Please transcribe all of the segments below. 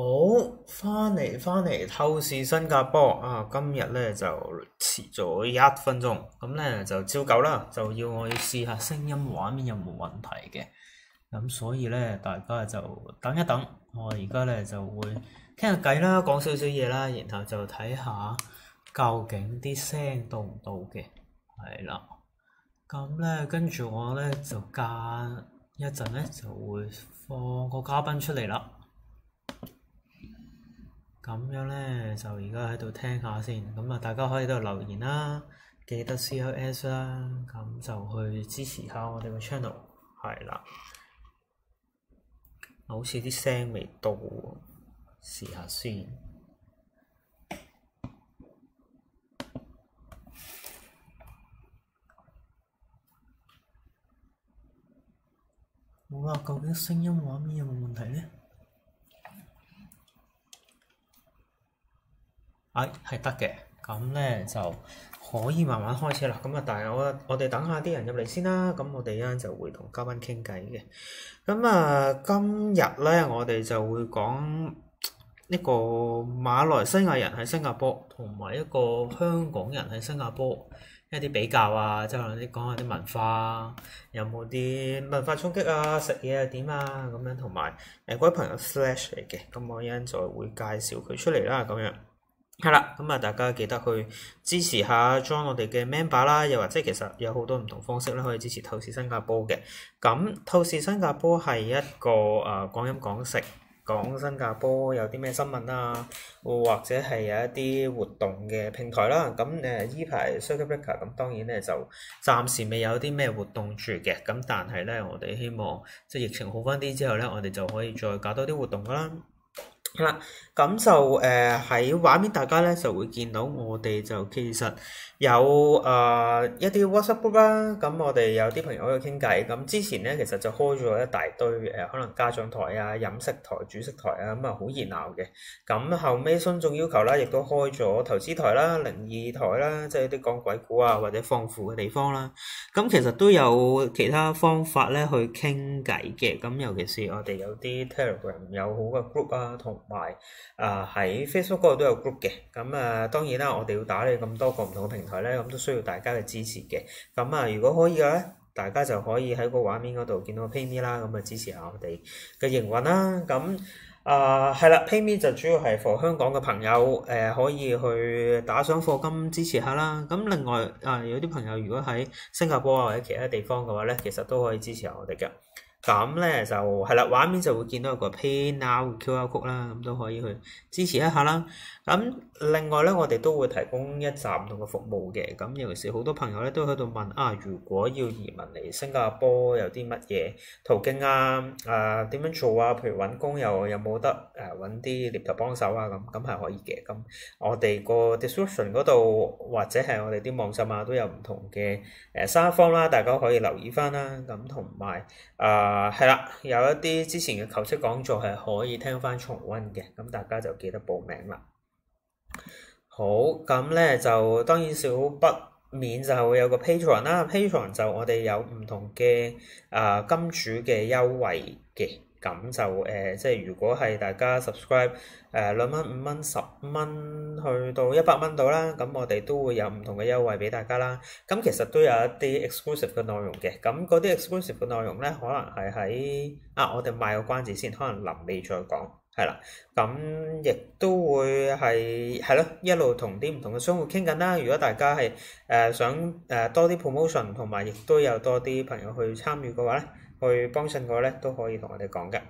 好，返嚟返嚟透視新加坡啊！今日咧就遲咗一分鐘，咁咧就照舊啦，就要我要試下聲音畫面有冇問題嘅。咁所以咧，大家就等一等，我而家咧就會傾下偈啦，講少少嘢啦，然後就睇下究竟啲聲到唔到嘅。係啦，咁咧跟住我咧就隔一陣咧就會放個嘉賓出嚟啦。咁樣咧，就而家喺度聽下先，咁啊大家可以喺度留言啦，記得 CLS 啦，咁就去支持下我哋個 channel，係啦。好似啲聲未到喎，試下先。冇啊，究竟聲音畫面有冇問題咧？哎，係得嘅，咁咧就可以慢慢開車啦。咁啊，但係我我哋等下啲人入嚟先啦。咁我哋咧就會同嘉賓傾偈嘅。咁啊，今日咧我哋就會講一個馬來西亞人喺新加坡，同埋一個香港人喺新加坡一啲比較啊，即係你講下啲文化有冇啲文化衝擊啊，食嘢啊點啊咁樣，同埋誒位朋友 slash 嚟嘅，咁我一陣就會介紹佢出嚟啦，咁樣。係啦，咁啊，大家記得去支持下 join 我哋嘅 member 啦，又或者其實有好多唔同方式咧可以支持透視新加坡嘅。咁透視新加坡係一個啊、呃、講飲講食講新加坡有啲咩新聞啊，或者係有一啲活動嘅平台啦、啊。咁誒呢排 Circuit Breaker 咁當然咧就暫時未有啲咩活動住嘅。咁但係咧我哋希望即係疫情好返啲之後咧，我哋就可以再搞多啲活動㗎啦。係啦。咁就，誒、呃、喺畫面，大家咧就會見到我哋就其實有誒、呃、一啲 WhatsApp group 啦、啊。咁我哋有啲朋友喺度傾偈。咁之前咧其實就開咗一大堆誒、呃，可能家長台啊、飲食台、煮食台啊，咁啊好熱鬧嘅。咁後尾，信眾要求啦，亦都開咗投資台啦、啊、靈異台啦、啊，即係啲講鬼故啊或者放負嘅地方啦、啊。咁其實都有其他方法咧去傾偈嘅。咁尤其是我哋有啲 Telegram 有好嘅 group 啊，同埋。啊，喺 Facebook 嗰度都有 group 嘅，咁啊，當然啦，我哋要打理咁多個唔同平台咧，咁、啊、都需要大家嘅支持嘅。咁啊，如果可以嘅咧，大家就可以喺個畫面嗰度見到 PayMe 啦、啊，咁啊支持下我哋嘅營運啦。咁啊，係、啊、啦，PayMe 就主要係 for 香港嘅朋友，誒、啊、可以去打賞課金支持下啦。咁、啊、另外啊，有啲朋友如果喺新加坡啊或者其他地方嘅話咧，其實都可以支持下我哋嘅。咁咧就係啦，畫面就會見到一個 PayNow 啊，Q R code 啦，咁都可以去支持一下啦。咁另外咧，我哋都會提供一啲唔同嘅服務嘅。咁尤其是好多朋友咧都喺度問啊，如果要移民嚟新加坡有啲乜嘢途徑啊？啊點樣做啊？譬如揾工又有冇得誒揾啲獵頭幫手啊咁，咁係可以嘅。咁我哋個 description 嗰度或者係我哋啲網站啊都有唔同嘅誒三方啦，大家可以留意返啦。咁同埋啊～啊，係啦，有一啲之前嘅求職講座係可以聽翻重温嘅，咁大家就記得報名啦。好，咁咧就當然少不免就係會有個 Patreon 啦，啊，Patreon 就我哋有唔同嘅啊金主嘅優惠嘅。咁就誒、呃，即係如果係大家 subscribe 誒、呃、兩蚊、五蚊、十蚊，去到一百蚊度啦，咁我哋都會有唔同嘅優惠俾大家啦。咁其實都有一啲 exclusive 嘅內容嘅。咁嗰啲 exclusive 嘅內容呢，可能係喺啊，我哋賣個關子先，可能臨尾再講，係啦。咁亦都會係係咯，一路一同啲唔同嘅商戶傾緊啦。如果大家係誒、呃、想誒、呃、多啲 promotion，同埋亦都有多啲朋友去參與嘅話呢。去幫襯我咧，都可以同我哋講嘅。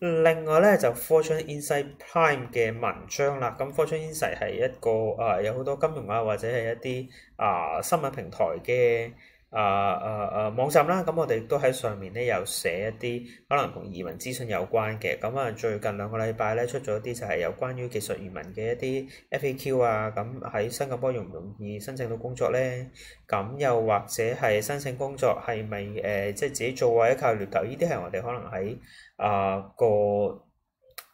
另外咧，就 Fortune Insight Prime 嘅文章啦。咁 Fortune Insight 係一個啊、呃，有好多金融啊，或者係一啲啊、呃、新聞平台嘅。啊啊啊網站啦，咁我哋都喺上面咧，有寫一啲可能同移民資訊有關嘅。咁啊，最近兩個禮拜咧，出咗啲就係有關於技術移民嘅一啲 FAQ 啊。咁喺新加坡容唔容易申請到工作咧？咁又或者係申請工作係咪誒，即係自己做或者靠掠頭？呢啲係我哋可能喺啊、呃、個。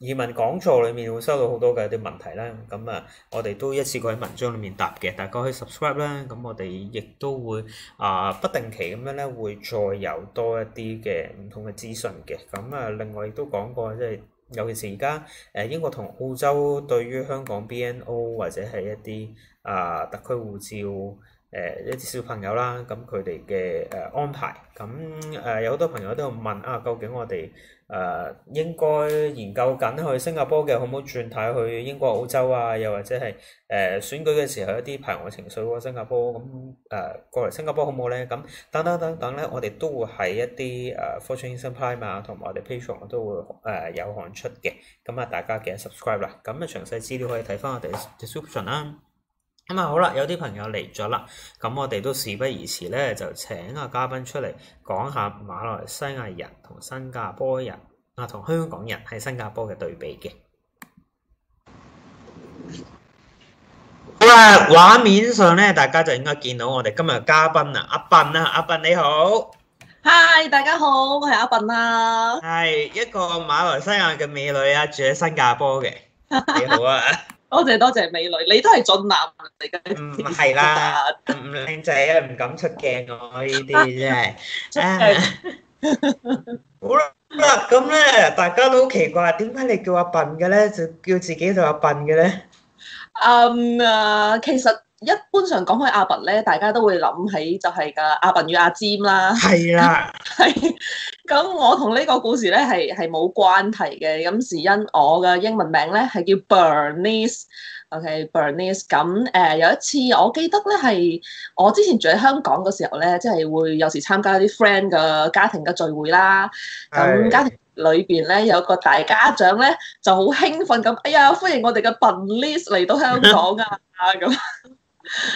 移民講座裏面會收到好多嘅一啲問題啦，咁啊，我哋都一次過喺文章裏面答嘅，大家可以 subscribe 啦，咁我哋亦都會啊不定期咁樣咧，會再有多一啲嘅唔同嘅資訊嘅。咁啊，另外亦都講過，即係尤其是而家誒英國同澳洲對於香港 BNO 或者係一啲啊、呃、特區護照誒、呃、一啲小朋友啦，咁佢哋嘅誒安排，咁誒、呃、有好多朋友都有問啊，究竟我哋？誒、uh，應該研究緊去新加坡嘅，好唔好轉軚去英國、澳洲啊？又或者係誒、呃、選舉嘅時候一啲排外情緒喎、啊？新加坡咁誒、呃、過嚟新加坡好唔好咧？咁等等等等咧，我哋都會喺一啲誒 Fortune Insight 啊，同埋我哋 Patreon 我都會誒有看出嘅。咁啊， 啊呃、大家記得 subscribe 啦。咁啊，詳細資料可以睇翻我哋 description 啦。咁啊、嗯、好啦，有啲朋友嚟咗啦，咁、嗯、我哋都事不宜遲咧，就請個嘉賓出嚟講下馬來西亞人同新加坡人啊，同香港人喺新加坡嘅對比嘅。好啦，畫面上咧，大家就應該見到我哋今日嘉賓啊，阿笨啊，阿笨你好，Hi，大家好，我係阿笨啊，係一個馬來西亞嘅美女啊，住喺新加坡嘅，幾好啊。 多謝多謝，美女，你都係俊男嚟㗎。唔係啦，唔、嗯、靚仔啊，唔敢出鏡我呢啲真係。 好啦，咁咧大家都好奇怪，點解你叫阿笨嘅咧？就叫自己做阿笨嘅咧？嗯啊，其實。一般上講開阿笨咧，大家都會諗起就係噶阿笨與阿占啦。係啦、啊，係。咁我同呢個故事咧係係冇關係嘅。咁是因我嘅英文名咧係叫、okay, Bernice。OK，Bernice。咁、呃、誒有一次我記得咧係我之前住喺香港嘅時候咧，即、就、係、是、會有時參加啲 friend 嘅家庭嘅聚會啦。咁是家庭裏邊咧有個大家長咧就好興奮咁，哎呀歡迎我哋嘅 Bernice 嚟到香港啊咁。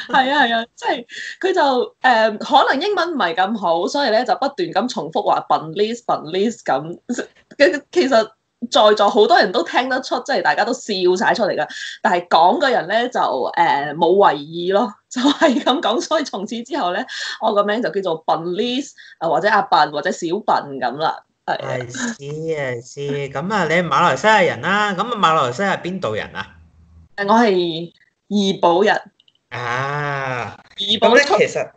係 啊，係啊，即係佢就誒、呃、可能英文唔係咁好，所以咧就不斷咁重複話 Ben list Ben list 咁，其實在座好多人都聽得出，即係大家都笑晒出嚟噶。但係講嘅人咧就誒冇為意咯，就係咁講。所以從此之後咧，我個名就叫做 Ben list 啊，或者阿笨或者小笨咁啦。係啊，知啊知。咁啊，你係馬來西亞人啦，啊，咁啊馬來西亞邊度人啊？誒，我係怡保人。啊！怡保咧，其實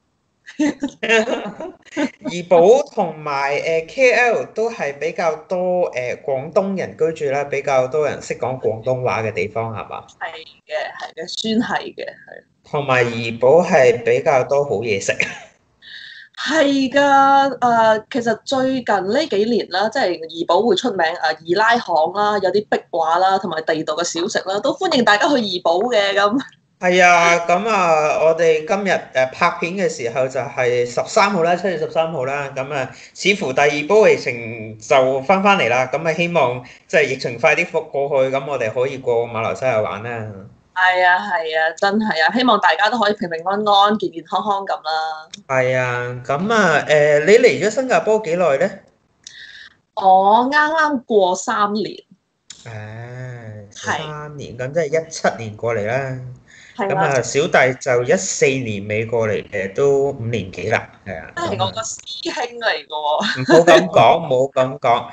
怡 保同埋誒 KL 都係比較多誒廣東人居住啦，比較多人識講廣東話嘅地方係嘛？係嘅，係嘅，算係嘅，係。同埋怡保係比較多好嘢食。係㗎，啊，其實最近呢幾年啦，即係怡保會出名啊，二拉巷啦，有啲壁畫啦，同埋地道嘅小食啦，都歡迎大家去怡保嘅咁。係啊，咁、哎、啊，我哋今日誒、啊、拍片嘅時候就係十三號啦，七月十三號啦，咁啊，似乎第二波疫情就翻翻嚟啦，咁啊，希望即係疫情快啲覆過去，咁我哋可以過馬來西亞玩啦。係啊係啊，真係啊，希望大家都可以平平安安、健健康康咁啦。係、哎、啊，咁啊，誒，你嚟咗新加坡幾耐咧？我啱啱過三年。誒、哎，三年，咁是即係一七年過嚟啦。咁啊，小弟就一四年尾過嚟，誒都五年幾啦，係啊，都係我個師兄嚟嘅喎。唔好咁講，冇咁講。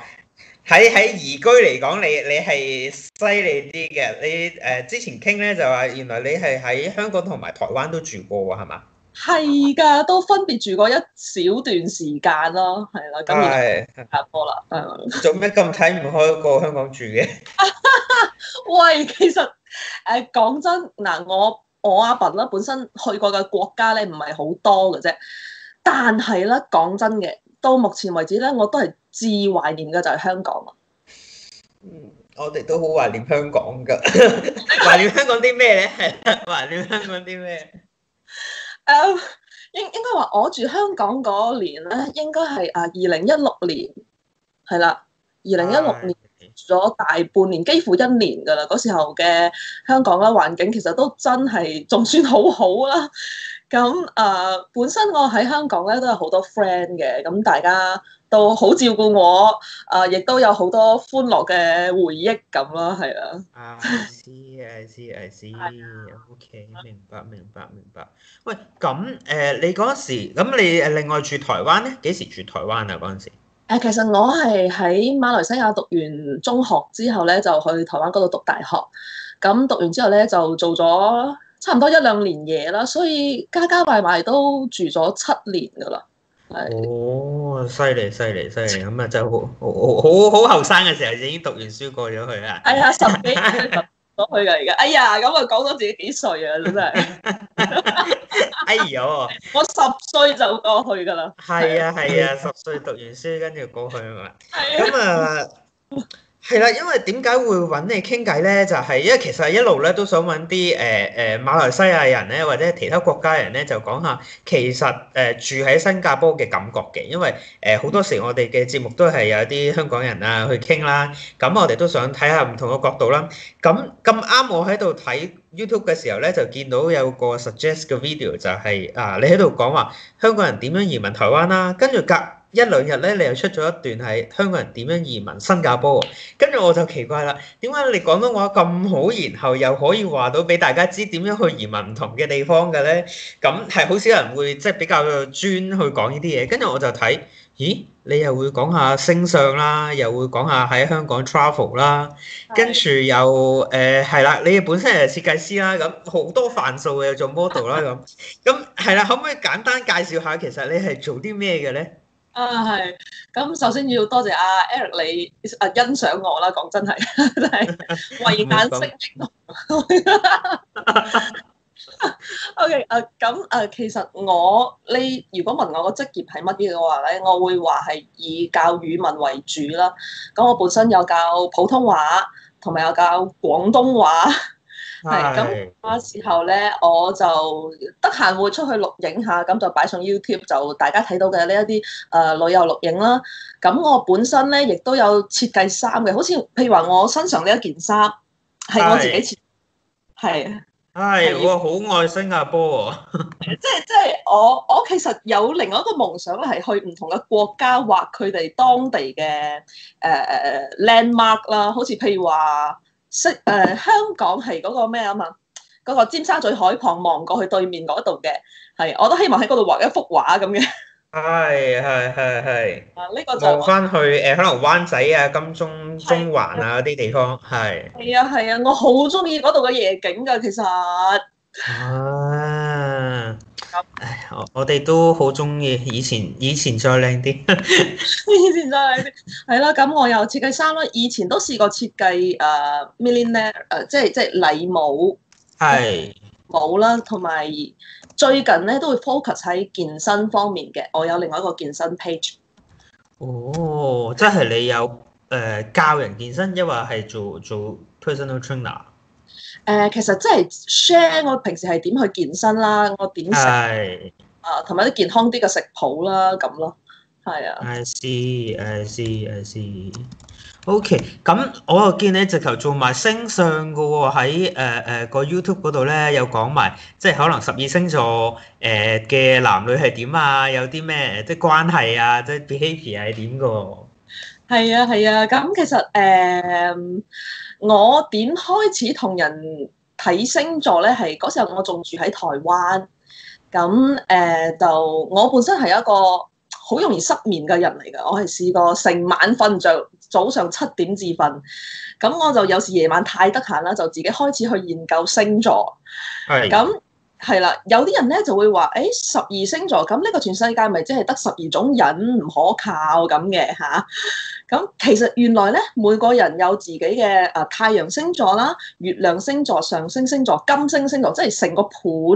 喺喺移居嚟講，你你係犀利啲嘅。你誒、呃、之前傾咧就話，原來你係喺香港同埋台灣都住過喎，係嘛？係㗎，都分別住過一小段時間咯，係啦、啊。咁係下波啦，做咩咁睇唔開過香港住嘅？ 喂，其實～誒，講、uh, 真嗱，我我阿笨啦，本身去過嘅國家咧唔係好多嘅啫，但係咧講真嘅，到目前為止咧，我都係至懷念嘅就係香港。嗯，我哋都好懷念香港噶，懷 念香港啲咩咧？懷念香港啲咩？誒，應應該話我住香港嗰年咧，應該係啊二零一六年，係啦，二零一六年。住咗大半年，幾乎一年㗎啦。嗰時候嘅香港嘅環境其實都真係仲算好好啦。咁誒、呃，本身我喺香港咧都有好多 friend 嘅，咁大家都好照顧我，誒、呃，亦都有好多歡樂嘅回憶咁啦，係啊。啊 的，知啊知啊知。係啊。O K，明白明白明白。喂，咁誒、呃，你嗰陣時咁你誒另外住台灣咧？幾時住台灣啊？嗰陣時誒，其實我係喺馬來西亞讀完中學之後咧，就去台灣嗰度讀大學。咁讀完之後咧，就做咗差唔多一兩年嘢啦，所以加加埋埋都住咗七年噶啦。係。哦，犀利犀利犀利！咁啊，就好好好後生嘅時候已經讀完書過咗去啦。係呀，十幾。去㗎而家，哎呀，咁啊，講到自己幾歲啊，真係， 哎呦， 我十歲就過去噶啦，係 啊係啊，啊，十歲讀完書跟住過去啊嘛，係啊，咁啊。係啦，因為點解會揾你傾偈咧？就係、是、因為其實一路咧都想揾啲誒誒馬來西亞人咧，或者其他國家人咧，就講下其實誒、呃、住喺新加坡嘅感覺嘅，因為誒好、呃、多時我哋嘅節目都係有啲香港人啦、啊、去傾啦，咁我哋都想睇下唔同嘅角度啦。咁咁啱我喺度睇 YouTube 嘅時候咧，就見到有個 suggest 嘅 video 就係、是、啊，你喺度講話香港人點樣移民台灣啦、啊，跟住隔一兩日咧，你又出咗一段係香港人點樣移民新加坡喎？跟住我就奇怪啦，點解你廣東話咁好，然後又可以話到俾大家知點樣去移民唔同嘅地方嘅咧？咁係好少人會即係、就是、比較專去講呢啲嘢。跟住我就睇，咦？你又會講下星相啦，又會講下喺香港 travel 啦，跟住又誒係、呃、啦。你本身係設計師啦，咁好多範疇嘅又做 model 啦咁。咁係啦，可唔可以簡單介紹下其實你係做啲咩嘅咧？啊，係，咁首先要多謝阿 Eric 你啊，欣賞我啦，講真係，真係慧眼識英雄。 OK，啊，咁啊，其實我你如果問我個職業係乜嘢嘅話咧，我會話係以教語文為主啦。咁我本身有教普通話，同埋有教廣東話。係，咁嗰時候咧，我就得閒會出去錄影下，咁就擺上 YouTube 就大家睇到嘅呢一啲誒旅遊錄影啦。咁我本身咧亦都有設計衫嘅，好似譬如話我身上呢一件衫係我自己設，係係我好愛新加坡喎、啊。即係即係我我其實有另外一個夢想咧，係去唔同嘅國家畫佢哋當地嘅誒誒誒 landmark 啦，呃、Land mark，好似譬如話。識誒、呃、香港係嗰個咩啊嘛，嗰、嗰個尖沙咀海旁望過去對面嗰度嘅，係我都希望喺嗰度畫一幅畫咁嘅。係係係係。 呢個就、望翻去誒、呃，可能灣仔啊、金鐘、中環啊啲地方，係、啊。係是啊係啊，我好中意嗰度嘅夜景㗎，其實。啊～唉，我我哋都好中意以前，以前再靚啲， 以前再靚啲，係咯。咁我又設計衫咯，以前都試過設計誒、uh, millionaire 誒、呃，即係即係禮帽係帽啦，同埋是、嗯、最近咧都會 focus 喺健身方面嘅。我有另外一個健身 page。哦，即係你有誒、呃、教人健身，抑或係做做 personal trainer？誒，其實真係 share 我平時係點去健身啦，我點食啊，同埋啲健康啲嘅食譜啦，咁咯，係啊。I see, I see, I see. OK，咁我又見你直頭做埋星相嘅喎，喺誒誒個 YouTube 嗰度咧，有講埋即係可能十二星座誒嘅、uh, 男女係點啊，有啲咩即係關係啊，即係 behavior 係點嘅喎。係啊，係啊，咁其實誒。Uh, 我點開始同人睇星座咧？係嗰時候我仲住喺台灣，咁誒、呃、就我本身係一個好容易失眠嘅人嚟嘅。我係試過成晚瞓着，早上七點至瞓。咁我就有時夜晚太得閒啦，就自己開始去研究星座。係咁係啦，有啲人咧就會話，誒十二星座咁，呢個全世界咪即係得十二種人，唔可靠咁嘅吓。啊咁其實原來咧，每個人有自己嘅誒、呃、太陽星座啦、月亮星座、上升星座、金星星座，即係成個盤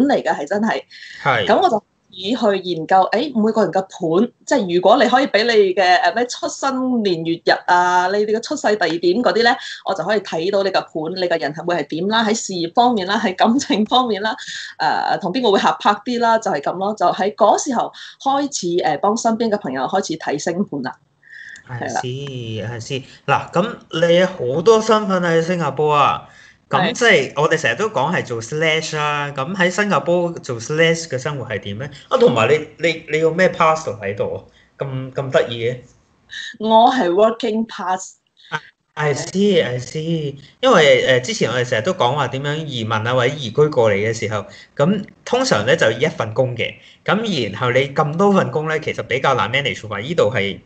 嚟嘅，係真係。係。咁我就以去研究，誒、欸、每個人嘅盤，即係如果你可以俾你嘅誒咩出生年月日啊，你哋嘅出世地點嗰啲咧，我就可以睇到你嘅盤，你嘅人係會係點啦，喺事業方面啦，喺感情方面啦，誒同邊個會合拍啲啦，就係咁咯。就喺嗰時候開始誒、呃、幫身邊嘅朋友開始睇星盤啦。I see，I see。嗱，咁你有好多身份喺新加坡啊？咁即係我哋成日都講係做 slash 啦、啊。咁喺新加坡做 slash 嘅生活係點咧？啊，同埋你你你有咩 pass 喺度啊？咁咁得意嘅。我係 working pass。I see，I see。See。因為誒之前我哋成日都講話點樣移民啊或者移居過嚟嘅時候，咁通常咧就一份工嘅。咁然後你咁多份工咧，其實比較難 manage 埋依度係。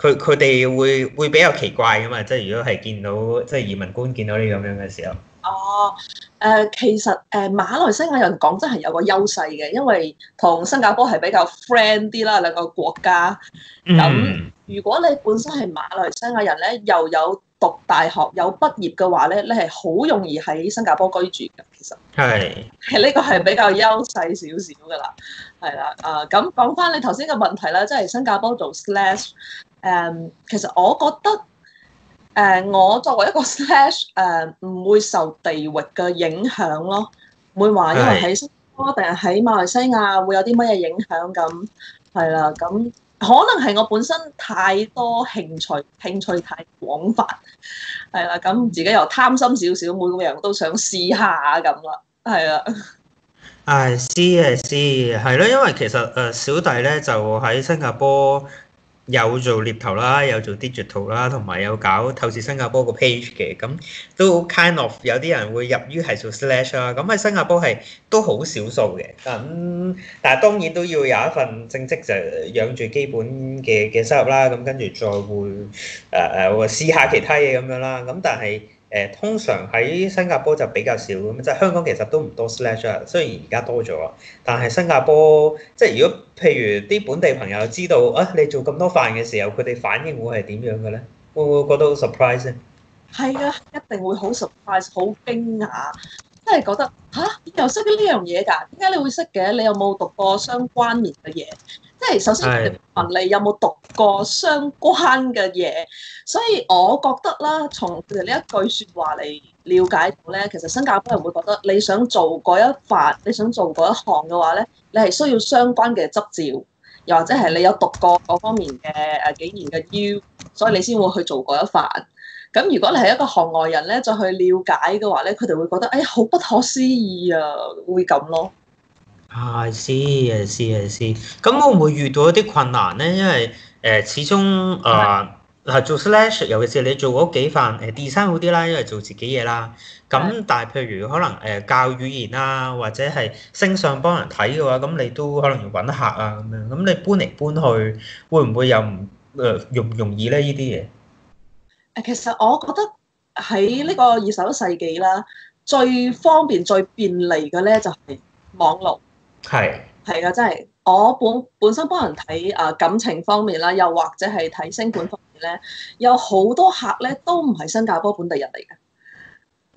佢佢哋會會比較奇怪噶嘛？即係如果係見到即係移民官見到呢咁樣嘅時候，哦，誒、呃，其實誒、呃、馬來西亞人講真係有個優勢嘅，因為同新加坡係比較 friend 啲啦兩個國家。咁、嗯、如果你本身係馬來西亞人咧，又有讀大學有畢業嘅話咧，你係好容易喺新加坡居住嘅。其實係係呢個係比較優勢少少噶啦，係啦，啊咁講翻你頭先嘅問題啦，即係新加坡做 slash 誒，um, 其實我覺得，誒、嗯，我作為一個 Slash，唔、um, 會受地域嘅影響咯，唔會話因為喺新加坡定係喺馬來西亞會有啲乜嘢影響咁，係啦，咁、嗯、可能係我本身太多興趣，興趣太廣泛，係啦，咁、嗯、自己又貪心少少，每個人都想試下咁啦，係啦，唉、嗯，試係試，係咯，因為其實誒、呃、小弟咧就喺新加坡。有做獵頭啦，有做 digital 啦，同埋有，有搞透視新加坡個 page 嘅，咁都 kind of 有啲人會入於係做 slash 啦。咁喺新加坡係都好少數嘅。咁、嗯、但係當然都要有一份正職就養住基本嘅嘅收入啦。咁、嗯、跟住再會誒誒、呃、試下其他嘢咁樣啦。咁、嗯、但係。誒通常喺新加坡就比較少咁，即係香港其實都唔多 slash，雖然而家多咗，但係新加坡即係如果譬如啲本地朋友知道啊，你做咁多飯嘅時候，佢哋反應會係點樣嘅咧？會唔會覺得好 surprise 咧？係啊，一定會好 surprise，好驚訝，真係覺得吓，啊，你又識呢樣嘢㗎？點解你會識嘅？你有冇讀過相關連嘅嘢？即係首先問你有冇讀過相關嘅嘢，所以我覺得啦，從佢哋呢一句説話嚟了解到咧，其實新加坡人會覺得你想做嗰一塊，你想做嗰一項嘅話咧，你係需要相關嘅執照，又或者係你有讀過嗰方面嘅誒幾年嘅 U，所以你先會去做嗰一塊。咁如果你係一個行外人咧，再去了解嘅話咧，佢哋會覺得誒、哎、好不可思議啊，會咁咯。係，知係知係知。咁會唔會遇到一啲困難咧？因為誒、呃，始終誒，嗱、呃、做 slash，尤其是你做嗰幾份誒 design 好啲啦，因為做自己嘢啦。咁但係譬如可能誒教語言啊，或者係線上幫人睇嘅話，咁你都可能要搵客啊咁樣。咁你搬嚟搬去，會唔會又唔誒容唔容易咧？呢啲嘢誒，其實我覺得喺呢個二十一世紀啦，最方便最便利嘅咧就係網絡。係係啊，真係我本本身幫人睇啊感情方面啦，又或者係睇星盤方面咧，有好多客咧都唔係新加坡本地人嚟嘅。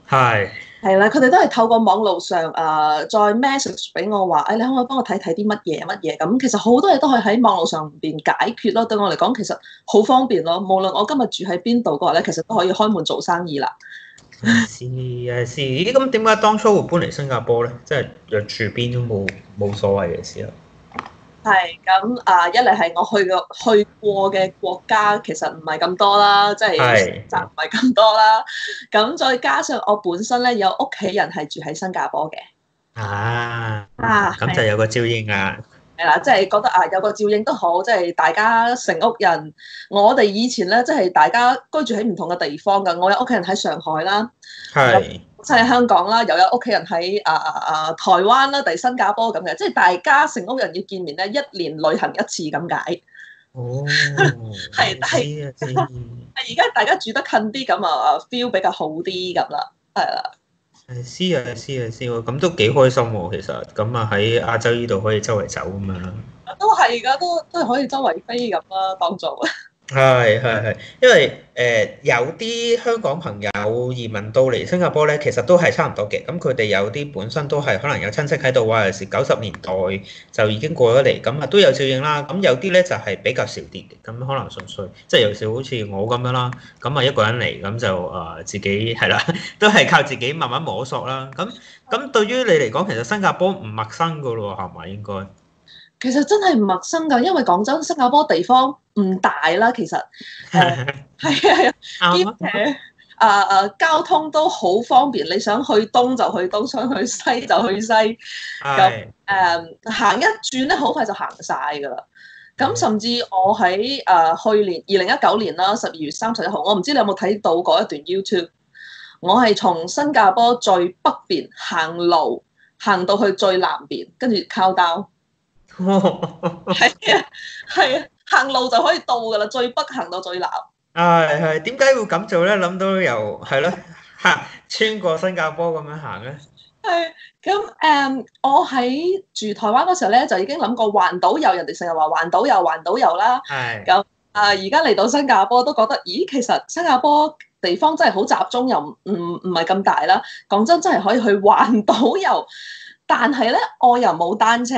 係係啦，佢哋都係透過網路上啊，再 message 俾我話，誒、哎、你可唔可以幫我睇睇啲乜嘢乜嘢？咁其實好多嘢都可以喺網路上邊解決咯。對我嚟講，其實好方便咯。無論我今日住喺邊度嘅話咧，其實都可以開門做生意啦。是啊試，是咦？咁點解當初會搬嚟新加坡咧？即係住邊都冇冇所謂嘅時候。係咁啊，一嚟係我去過去過嘅國家其實唔係咁多啦，即係就唔係咁多啦。咁是再加上我本身咧，有屋企人係住喺新加坡嘅啊啊，咁就有個照應啊。係啦，即係覺得啊，有個照應都好。即係大家成屋人，我哋以前咧，即係大家居住喺唔同嘅地方噶。我有屋企人喺上海啦，係是，即係香港啦，又有屋企人喺啊啊台灣啦，第二新加坡咁嘅。即係大家成屋人要見面咧，一年旅行一次咁解。哦，係，係 是。而家大家住得近啲，咁啊 feel 比較好啲咁啦，係啦。試下，試下，試喎，咁都幾開心喎。其實，咁啊喺亞洲呢度可以周圍走咁啊，都係噶，都都係可以周圍飛咁啊，當做。 係係係，因為誒、呃、有啲香港朋友移民到嚟新加坡咧，其實都係差唔多嘅。咁佢哋有啲本身都係可能有親戚喺度啊，有時九十年代就已經過咗嚟，咁啊都有照應啦。咁有啲咧就係比較少啲，咁可能純粹即係有時好似我咁樣啦，咁啊一個人嚟，咁就誒、呃、自己係啦，都係靠自己慢慢摸索啦。咁咁對於你嚟講，其實新加坡唔陌生噶咯，係咪應該？其實真係唔陌生噶，因為講真，新加坡地方唔大啦。其實係係 啊，兼且啊啊，交通都好方便。你想去東就去東，想去西就去西咁。誒、 啊，行一轉咧，好快就行晒噶啦。咁甚至我喺誒去年二零一九年啦，十二月三十一號，我唔知你有冇睇到嗰一段 YouTube。我係從新加坡最北邊行路行到去最南邊，跟住靠 down。係啊，係啊， 行路就可以到噶啦，最北行到最南。係係， 點解會咁做咧？諗到又係咯，吓，穿過新加坡咁樣行咧。係咁，誒，um, 我喺住台灣嗰時候咧，就已經諗過環島遊。人哋成日話環島遊，環島遊啦。係咁的啊，而家嚟到新加坡都覺得，咦，其實新加坡地方真係好集中，又唔唔唔係咁大啦。講真，真係可以去環島遊。但係咧，我又冇單車。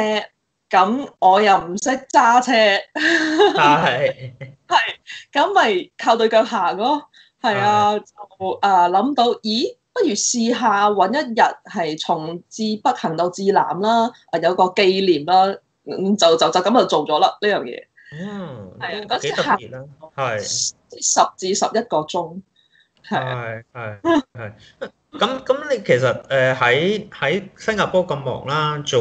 咁我又唔識揸車，係係咁咪靠對腳行咯，係啊，啊是就啊諗到，咦，不如試下揾一日係從自北行到至南啦，啊有個紀念啦，就就就咁就，就做咗啦呢樣嘢，嗯，係啊幾行啦到是，係十至十一個鐘，係係係。是是 咁咁，你其實誒喺喺新加坡咁忙啦，做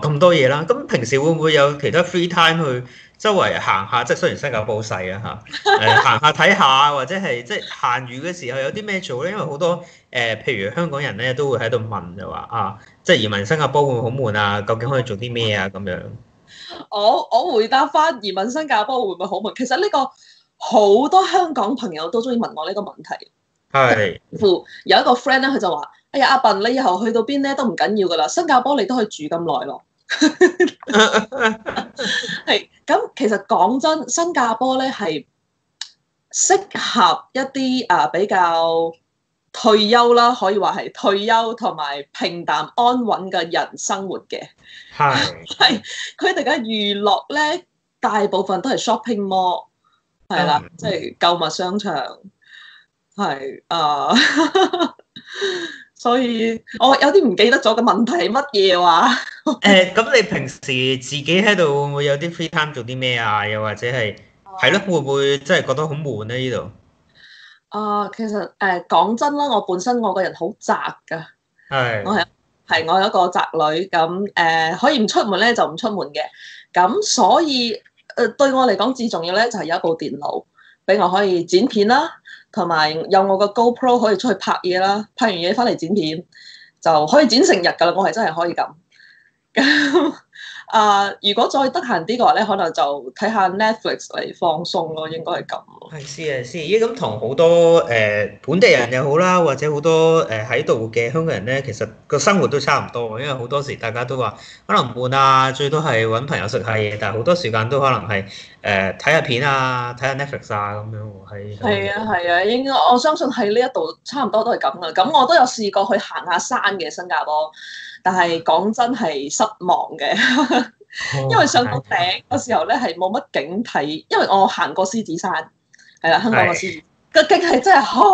誒咁多嘢啦，咁平時會唔會有其他 free time 去周圍行下？即係雖然新加坡好細啊，嚇誒行下睇下，或者係即係閒餘嘅時候有啲咩做咧？因為好多誒，譬如香港人咧都會喺度問就話啊，即係移民新加坡會唔會好悶啊？究竟可以做啲咩啊？咁樣我我回答翻移民新加坡會唔會好悶？其實呢個好多香港朋友都中意問我呢個問題。係，有一個 friend 咧，佢就話：哎呀，阿笨，你以後去到邊咧都唔緊要噶啦，新加坡你都可以住咁耐咯。係，咁其實講真，新加坡咧係適合一啲啊比較退休啦，可以話係退休同埋平淡安穩嘅人生活嘅。係，係，佢哋嘅娛樂咧大部分都係 shopping mall，係啦，即係購物商場。嗯嗯。係啊，呵呵，所以我有啲唔記得咗嘅問題乜嘢話誒？咁、呃、你平時自己喺度會唔會有啲 free time 做啲咩啊？又或者係係咯，會唔會真係覺得好悶咧？呢度啊，其實誒，講、呃、真啦，我本身我個人好宅噶，係的我係係我有一個宅女咁誒，可以唔出門咧就唔出門嘅咁，所以誒、呃、對我嚟講，最重要咧就係有一部電腦俾我可以剪片啦。同埋有我個 GoPro 可以出去拍嘢啦，拍完嘢返嚟剪片就可以剪成日㗎喇，我係真係可以咁。 啊，如果再得閒啲嘅話咧，可能就睇下 Netflix 嚟放鬆咯，應該係咁咯。係，係啊，係。咦，咁同好多誒本地人又好啦，或者好多誒喺度嘅香港人咧，其實個生活都差唔多。因為好多時大家都話可能悶啊，最多係揾朋友食下嘢，但係好多時間都可能係誒睇下片啊，睇下 Netflix 啊咁樣喎。係。係啊，係啊，應該我相信喺呢一度差唔多都係咁啊。咁我都有試過去行下山嘅新加坡。但係講真係失望嘅， 因為上到頂嗰時候咧，係冇乜景睇，因為我行過獅子山，係啦，香港嘅獅子。個景係真係好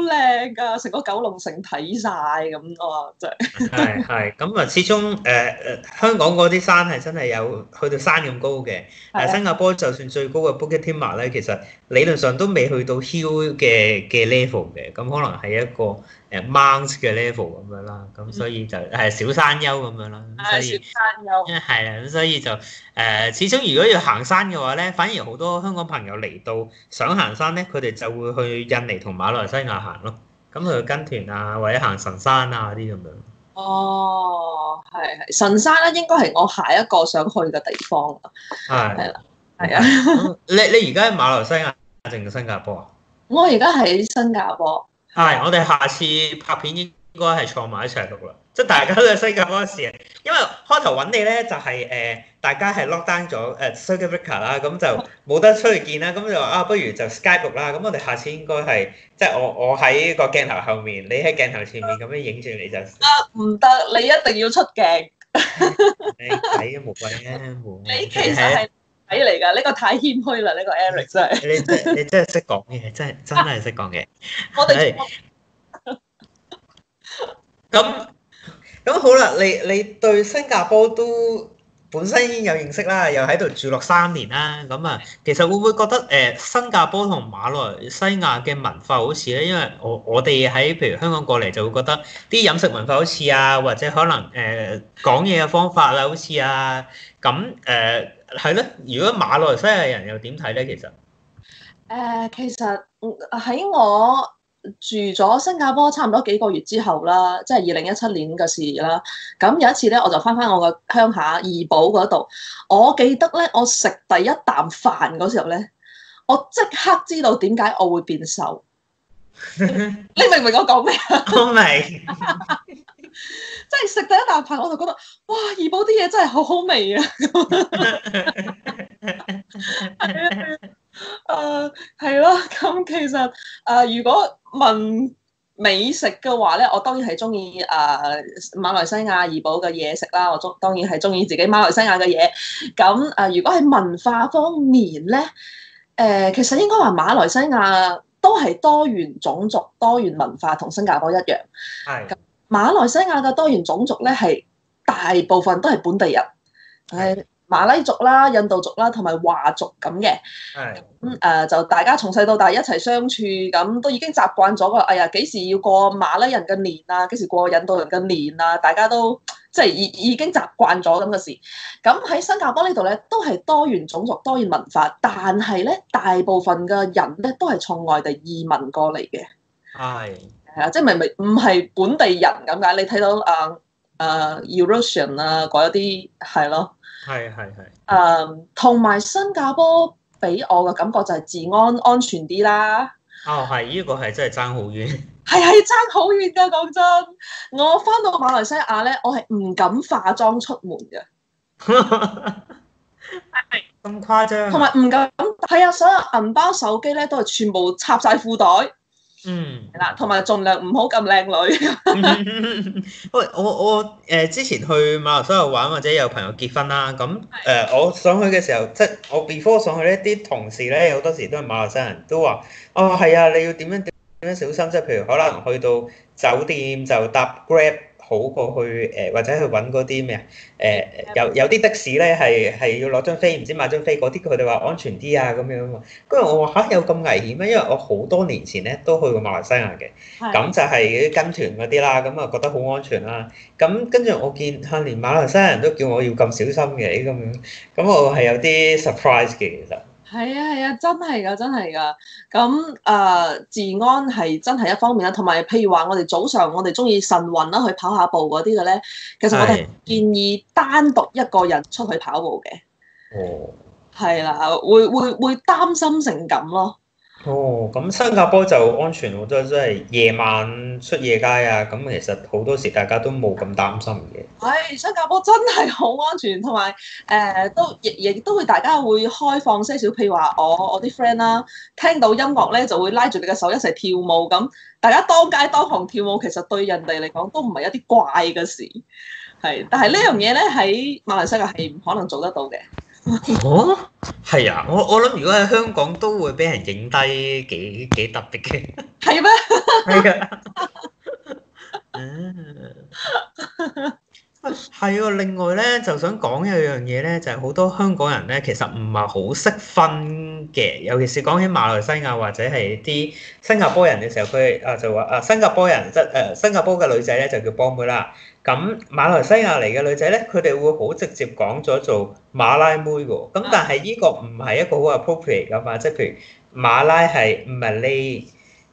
靚噶，成個九龍城睇晒，咁啊！真、就、係、是，係， 係咁啊，始終誒誒香港嗰啲山係真係有去到山咁高嘅，誒的新加坡就算最高嘅 Bukit Timah 咧，其實理論上都未去到 hill 嘅嘅 level 嘅，咁可能係一個誒 mount 嘅 level 咁樣啦，咁、嗯、所以就係小山丘咁樣啦，係小山丘，係啊，咁所以就誒、呃、始終如果要行山嘅話咧，反而好多香港朋友嚟到想行山咧，佢哋就會去。去印尼同馬來西亞行咯，咁去跟團啊，或者行神山啊啲咁樣。哦，係係神山咧，應該係我下一個想去嘅地方。係係啦，係啊。你你而家喺馬來西亞定新加坡啊？我而家喺新加坡。係，我哋下次拍片應該係坐埋一齊錄啦。即係大家都去新加坡時，因為開頭揾你咧就係誒。呃大家係 lock down 咗誒，circuit breaker 啦，咁就冇得出嚟見啦。咁就啊，不如就 Skype 啦。咁我哋下次應該係，即係我我喺個鏡頭後面，你喺鏡頭前面咁樣影住你就，啊，唔得，你一定要出鏡。你睇啊，無關啊，無關。你其實係睇嚟㗎，呢個太謙虛啦，呢個 Eric 真係。你真係你真係識講嘢，真係真係識講嘢。我哋咁咁好啦，你你對新加坡都？本身已經有認識啦，又喺度住落三年啦，咁啊，其實會唔會覺得誒新加坡同馬來西亞嘅文化好似咧？因為我我哋喺譬如香港過嚟就會覺得啲飲食文化好似啊，或者可能誒、呃、講嘢嘅方法啦好似啊，咁誒係咯。如果馬來西亞人又點睇咧？其實誒、呃，其實喺我住咗新加坡差唔多幾個月之後啦，即係二零一七年嘅事啦。咁有一次咧，我就翻翻我個鄉下怡寶嗰度，我記得咧，我食第一啖飯嗰時候咧，我即刻知道點解我會變瘦。 你，你明唔明我講咩啊？我明。即係食第一啖飯，我就覺得，哇！怡寶啲嘢真係好好味啊！ 誒，係咯、uh,，咁、嗯、其實誒、呃，如果問美食嘅話咧，我當然係中意誒馬來西亞怡保嘅嘢食啦，我中當然係中意自己馬來西亞嘅嘢。咁、嗯、誒、呃，如果係文化方面咧，誒、呃，其實應該話馬來西亞都係多元種族、多元文化同新加坡一樣。係的。咁馬來西亞嘅多元種族咧，係大部分都係本地人。係的。馬拉族啦、印度族啦，同埋華族咁嘅，咁誒 Hey.、呃、就大家從細到大一齊相處，咁都已經習慣咗個。哎呀，幾時要過馬拉人嘅年啊？幾時過印度人嘅年啊？大家都即係已已經習慣咗咁嘅事。咁喺新加坡呢度咧，都係多元種族、多元文化，但係咧大部分嘅人咧都係從外地移民過嚟嘅。係係啊，即係明明唔係本地人咁解，你睇到誒。呃誒，European 啦，嗰一啲係咯，係係係，誒，同埋、uh，新加坡俾我嘅感覺就係治安安全啲啦。哦，係，呢個係真係爭好遠，係係爭好遠㗎，講真，我返到馬來西亞咧，我係唔敢化妝出門嘅，咁 誇張，同埋唔敢，係啊，所有銀包、手機咧都係全部插晒褲袋。嗯，係啦，同埋盡量唔好咁靚女、 嗯。喂、嗯嗯，我我誒、呃、之前去馬來西亞玩或者有朋友結婚啦，咁、嗯、誒的、呃、我上去嘅時候，即係我 before 上去咧，啲同事咧好多時都係馬來西亞人都話：哦，係啊，你要點樣點樣小心，即係譬如可能去到酒店就搭 Grab。好過去誒，或者去揾嗰啲咩啊？誒有有啲的士咧係係要攞張飛，唔知買張飛嗰啲，佢哋話安全啲啊咁樣啊嘛。跟住我話嚇，有咁危險咩？因為我好多年前咧都去過馬來西亞嘅，咁的就係跟團嗰啲啦，咁啊覺得好安全啦、啊。咁跟住我見下連馬來西亞人都叫我要咁小心嘅，咁樣咁我係有啲 surprise 嘅其實。係啊係啊，真係㗎真係㗎，咁誒、呃、治安係真係一方面啦，同埋譬如話我哋早上我哋鍾意晨運啦，去跑下步嗰啲嘅咧，其實我哋建議單獨一個人出去跑步嘅，係啦的，會會會擔心成咁咯。哦，咁新加坡就安全好多，即係夜晚出夜街啊，咁其實好多時大家都冇咁擔心嘅。係、哎、新加坡真係好安全，同埋誒都亦亦都會大家會開放些少，譬如話我我啲 friend 啦，聽到音樂咧就會拉住你嘅手一齊跳舞咁。大家當街當巷跳舞，其實對人哋嚟講都唔係一啲怪嘅事。係，但係呢樣嘢咧喺馬來西亞係唔可能做得到嘅。哦，係啊，我我諗如果喺香港都會俾人影低幾幾特別嘅 是嗎，係咩？係噶，係啊。另外咧，就想講一樣嘢咧，就係、是、好多香港人咧，其實唔係好識分嘅，尤其是講起馬來西亞或者係啲新加坡人嘅時候，佢啊就話啊新加坡人即誒、啊、新加坡嘅女仔咧就叫幫妹啦。咁馬來西亞嚟嘅女仔咧，佢哋會好直接講咗做馬拉妹喎。咁但係呢個唔係一個好 appropriate 噶嘛，即係譬如馬拉係唔係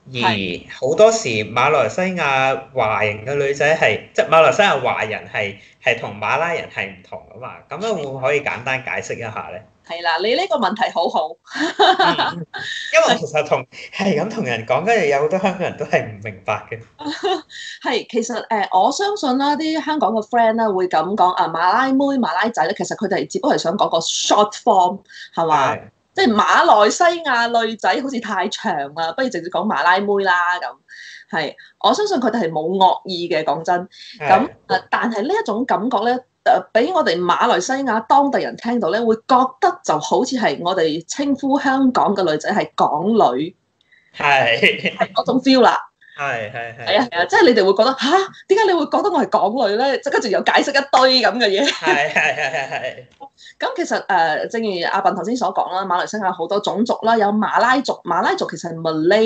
你，而好多時馬來西亞華人嘅女仔係，即係馬來西亞華人係係同馬拉人係唔同噶嘛。咁樣會唔會可以簡單解釋一下咧？係啦，你呢個問題好好、 嗯，因為我其實同係咁同人講，跟住有好多香港人都係唔明白嘅。係 其實誒，我相信啦，啲香港嘅 friend 咧會咁講啊，馬拉妹、馬拉仔咧，其實佢哋只不過係想講個 short form 係嘛，即係的馬來西亞女仔好似太長啦，不如直接講馬拉妹啦咁。係，我相信佢哋係冇惡意嘅，講真。咁誒的，但係呢一種感覺咧。誒俾我哋馬來西亞當地人聽到咧，會覺得就好似係我哋稱呼香港嘅女仔係港女，係係嗰種 feel 啦。係係係係啊係啊！即係你哋會覺得嚇，點解你會覺得我係港女咧？即刻就有解釋一堆咁嘅嘢。係係係係係。咁其實誒，正如阿笨頭先所講啦，馬來西亞好多種族啦，有馬拉族，馬拉族其實係 m a l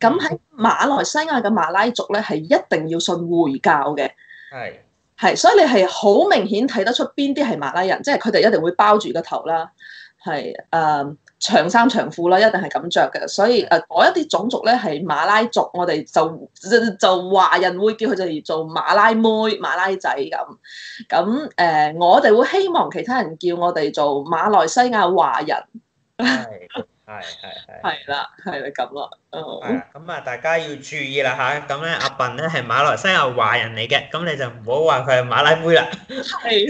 咁，喺馬來西亞嘅馬拉族咧，係一定要信回教嘅。係。係，所以你係好明顯睇得出邊啲係馬拉人，即係佢哋一定會包住個頭啦，係誒、呃、長衫長褲啦，一定係咁着嘅。所以誒，我、呃、一啲種族咧係馬拉族，我哋就就，就華人會叫佢哋做馬拉妹、馬拉仔咁。咁誒、呃，我哋會希望其他人叫我哋做馬來西亞華人。係係係，係啦係啦咁咯，哦，係咁啊，大家要注意啦吓，咁啊咧阿笨咧係馬來西亞華人嚟嘅，咁你就唔好話佢係馬拉妹啦。係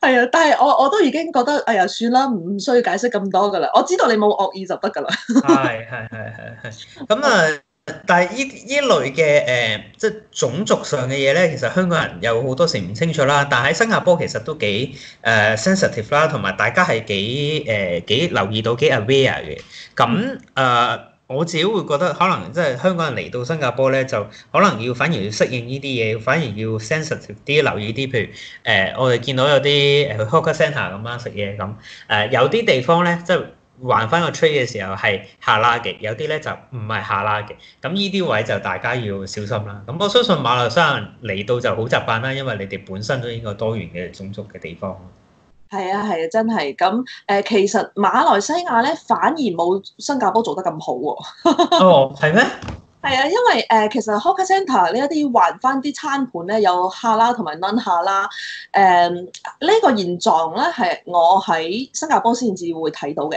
係啊，但係我我都已經覺得，哎呀算啦，唔需要解釋咁多噶啦，我知道你冇惡意就得噶啦。係係係係係，咁啊。但係呢依類嘅誒、呃，即係種族上嘅嘢咧，其實香港人有好多時唔清楚啦。但喺新加坡其實都幾誒、呃、sensitive 啦，同埋大家係幾誒、呃、幾留意到幾 aware 嘅。咁誒、呃，我自己會覺得可能即係香港人嚟到新加坡咧，就可能要反而要適應呢啲嘢，反而要 sensitive 啲留意啲。譬如誒、呃，我哋見到有啲誒去 Hawker Centre 咁樣，食嘢咁誒，有啲地方咧就。即還翻個 tray 嘅時候係下拉嘅，有啲咧就唔係下拉嘅，咁呢啲位就大家要小心啦。咁我相信馬來西亞人嚟到就好習慣啦，因為你哋本身都應該多元嘅種族嘅地方。係啊，係啊，真係。咁誒、呃，其實馬來西亞咧反而冇新加坡做得咁好喎、啊。 哦，係咩？係啊，因為誒、呃、其實 Hawker Center 呢一啲還翻啲餐盤咧，有下啦同埋 run 下啦。誒、呃、呢、這個現狀咧係我喺新加坡先至會睇到嘅。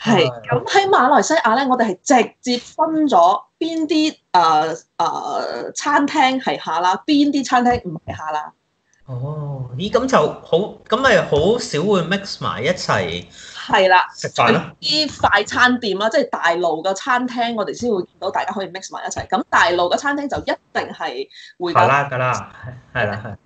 係，咁喺、哎、呀馬來西亞咧，我哋係直接分咗邊啲誒誒餐廳係下啦，邊啲餐廳唔係下啦。哦，咦，咁就好，咁咪好少會 mix 埋一齊。係啦，食飯，啲快餐店啦，即係大路嘅餐廳我，我哋先會見到大家可以 mix 埋一齊。咁大路嘅餐廳就一定係會比較。係啦，係啦，係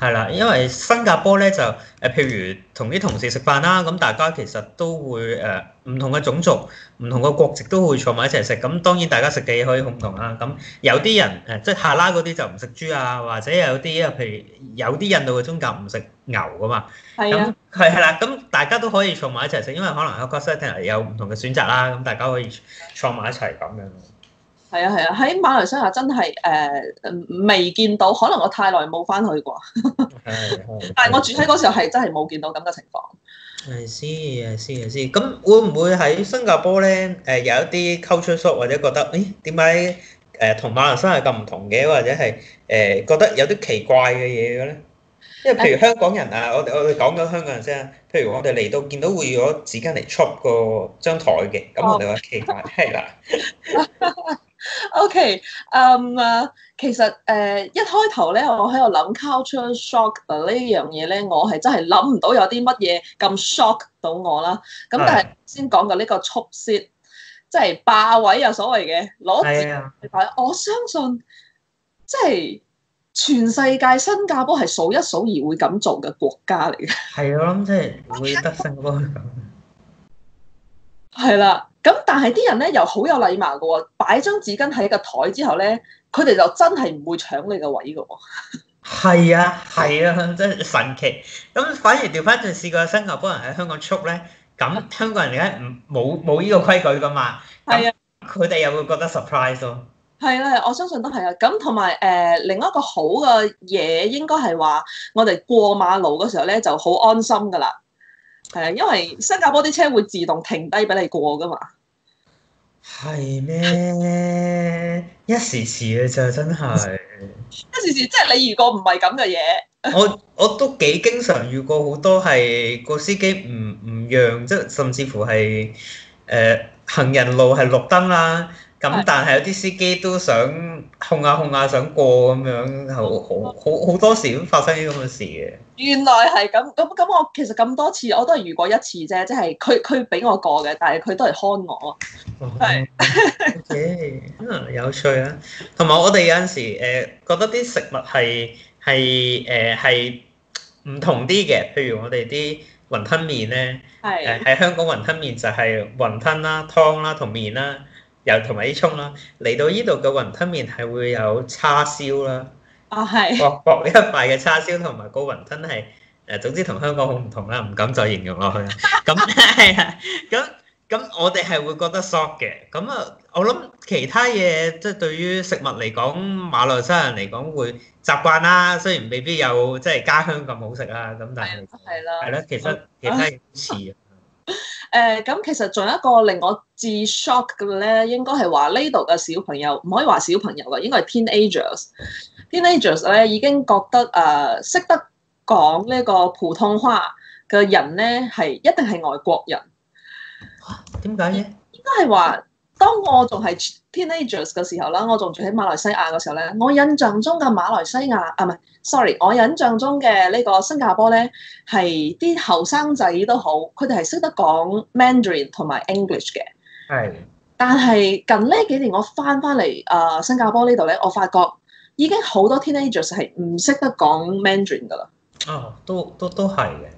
係啦，因為新加坡咧就誒，譬如同啲同事食飯啦，咁大家其實都會誒唔同嘅種族、唔同嘅國籍都會坐埋一齊食，咁當然大家食嘅嘢可以好唔同啦。咁有啲人誒，的即係下拉嗰啲就唔食豬啊，或者有啲譬如有啲印度嘅宗教唔食牛噶嘛。係啊的，係係啦，咁大家都可以坐埋一齊食，因為可能個 setting 有唔同嘅選擇啦，咁大家可以坐埋一齊咁樣。係啊係啊，喺、啊、馬來西亞真係誒未見到，可能我太耐冇翻去啩。 但係我住喺嗰時候係真係冇見到咁嘅情況。係先係先係先，咁、啊啊啊、會唔會喺新加坡咧？誒、呃、有一啲 culture shock 或者覺得誒點解誒同馬來西亞咁唔同嘅，或者係誒、呃、覺得有啲奇怪嘅嘢嘅咧？因為譬如香港人啊，欸、我哋我哋講緊香港人先啊。譬如我哋嚟到見到會攞紙巾嚟擦個張台嘅，咁我哋話奇怪係啦。O.K. 啊、um, uh，其實誒，uh, 一開頭咧，我喺度諗 culture shock 呢樣嘢咧，我係真係諗唔到有啲乜嘢咁 shock 到我啦。咁但係先講嘅呢個速泄，即係霸位有所謂嘅，攞字。係啊。我相信，即係全世界新加坡係數一數二會咁做嘅國家嚟嘅。係 啊，我諗即係唔會得新加坡咁。係啦。 咁但係啲人咧又好有禮貌嘅喎、哦，擺張紙巾喺個枱之後咧，佢哋就真係唔會搶你個位嘅喎、哦。係啊，係啊，真係神奇。咁反而調翻轉試過新加坡人喺香港出咧，咁香港人而家唔冇冇呢個規矩嘅嘛。係啊，佢哋又會覺得 surprise 咯、啊。係啦、啊，我相信都係啊。咁同埋誒另一個好嘅嘢，應該係話我哋過馬路嗰時候咧就好安心嘅啦。係啊，因為新加坡啲車會自動停低俾你過嘅嘛。係咩？一時時嘅就真係 一時時。即、就、係、是、你遇過唔係咁嘅嘢。 我我都幾經常遇過好多係個司機唔唔讓，即係甚至乎係誒、呃、行人路係綠燈啦、啊。咁但係有啲司機都想控下控下，想過咁樣，好好好好多時都發生啲咁嘅事嘅。原來係咁，咁咁我其實咁多次我都係遇過一次啫，即係佢佢俾我過嘅，但係佢都係看我，係有趣啦、啊。同埋我哋有陣時誒覺得啲食物係係誒係唔同啲嘅，譬如我哋啲雲吞麵咧，係喺是香港雲吞麵就係雲吞啦、湯啦同麵啦。又同埋啲葱啦，嚟到呢度嘅雲吞麵係會有叉燒啦。哦，係。薄薄一塊嘅叉燒同埋個雲吞係誒，總之同香港好唔同啦，唔敢再形容落去。咁係啊，咁咁 我哋係會覺得 soft 嘅。咁啊，我諗其他嘢即係對於食物嚟講，馬來西亞人嚟講會習慣啦。雖然未必有即係、就是、家鄉咁好食啦，咁但係係啦，係啦的，其實其他唔似。誒咁、呃，其實仲有一個令我至 shock 嘅咧，應該係話呢度嘅小朋友，唔可以話小朋友啦，應該係 teenagers teen。teenagers 咧已經覺得誒識、呃、得講呢個普通話嘅人咧，係一定係外國人。點解嘅？應該係話。當我仲係 teenagers 嘅時候啦，我仲住喺馬來西亞嘅時候咧，我印象中嘅馬來西亞啊，唔係，sorry，我印象中嘅呢個新加坡咧，係啲後生仔都好，佢哋係識得講 Mandarin 同埋 English 嘅。係嘅。但係近呢幾年我翻翻嚟啊新加坡呢度咧，我發覺已經好多 teenagers 係唔識得講 Mandarin 噶啦。啊，都都都係嘅。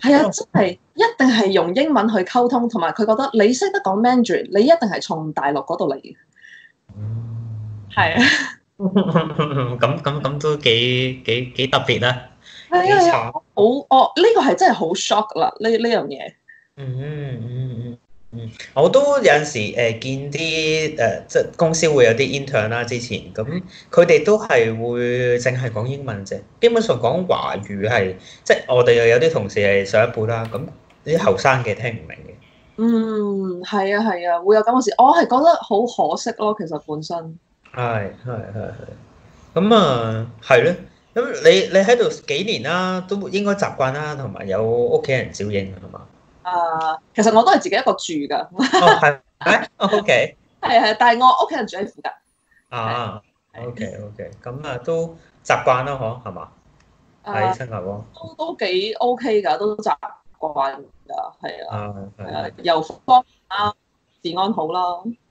係啊，真係一定係用英文去溝通，同埋佢覺得你識得講 Mandarin，你一定係從大陸嗰度嚟嘅。係啊、嗯，咁咁咁都幾幾幾特別啊！好，哦，呢個係真係好 shock 啦！呢呢樣嘢。嗯嗯嗯嗯。嗯嗯嗯嗯、我都有陣時誒、呃、見啲誒、呃、即係公司會有啲 intern 啦，之前咁佢哋都係會淨係講英文啫，基本上講華語係即係我哋又有啲同事係上一輩啦，咁啲後生嘅聽唔明嘅。嗯，係、嗯、啊係啊，會有咁嘅事，我係覺得好可惜咯。其實本身係係係係，咁、哎哎哎哎嗯、啊係咧，咁你你喺度幾年啦、啊，都應該習慣啦，同埋有屋企人照應係嘛？啊，uh, 其實我都係自己一個住㗎。哦、 oh,，係、okay. 係，OK。係係，但係我屋企人住喺附近。啊、 uh,，OK OK，咁啊都習慣啦，嗬，係嘛？喺新加坡都都幾 OK 㗎，都習慣㗎，係、uh, okay、啊。啊，啊，又方便啦，治安好啦。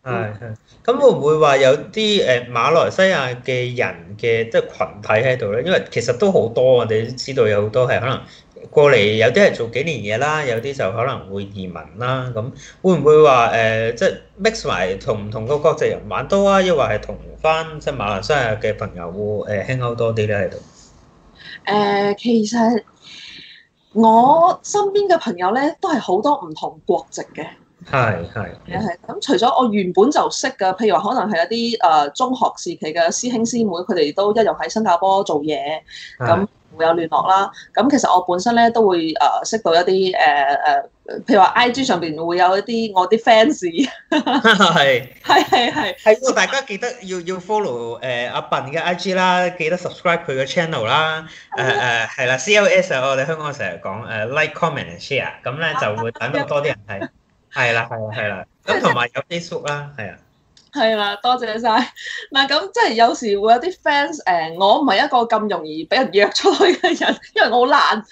係係，咁會唔會話有啲誒馬來西亞嘅人嘅即係羣體喺度咧？因為其實都好多，我哋知道有好多係可能。過嚟有啲係做幾年嘢啦，有啲就可能會移民啦。咁會唔會話誒、呃，即係 mix 埋同唔同個國籍人玩多啊？抑或係同返即係馬來西亞嘅朋友會誒 hang out 多啲咧喺度？誒、呃，其實我身邊嘅朋友咧都係好多唔同國籍嘅，係係係咁。除咗我原本就識㗎，譬如話可能係一啲誒中學時期嘅師兄師妹，佢哋都一樣喺新加坡做嘢咁。是那會有聯絡啦，咁其實我本身咧都會誒、呃、識到一啲誒誒，譬如話 I G 上邊會有一啲我啲 fans 係係係， 不過 大家記得要要 follow 誒、呃、阿笨嘅 I G 啦，記得 subscribe 佢嘅 channel 啦，誒誒係啦，C L S、啊、我哋香港成日講誒 like comment share，咁咧就會等到多啲人睇，係啦係啦係啦，咁同埋有 Facebook 啦，係啊。係啦，多謝晒。嗱咁即係有時會有啲 fans 誒、呃，我唔係一個咁容易俾人約出去嘅人，因為我好懶。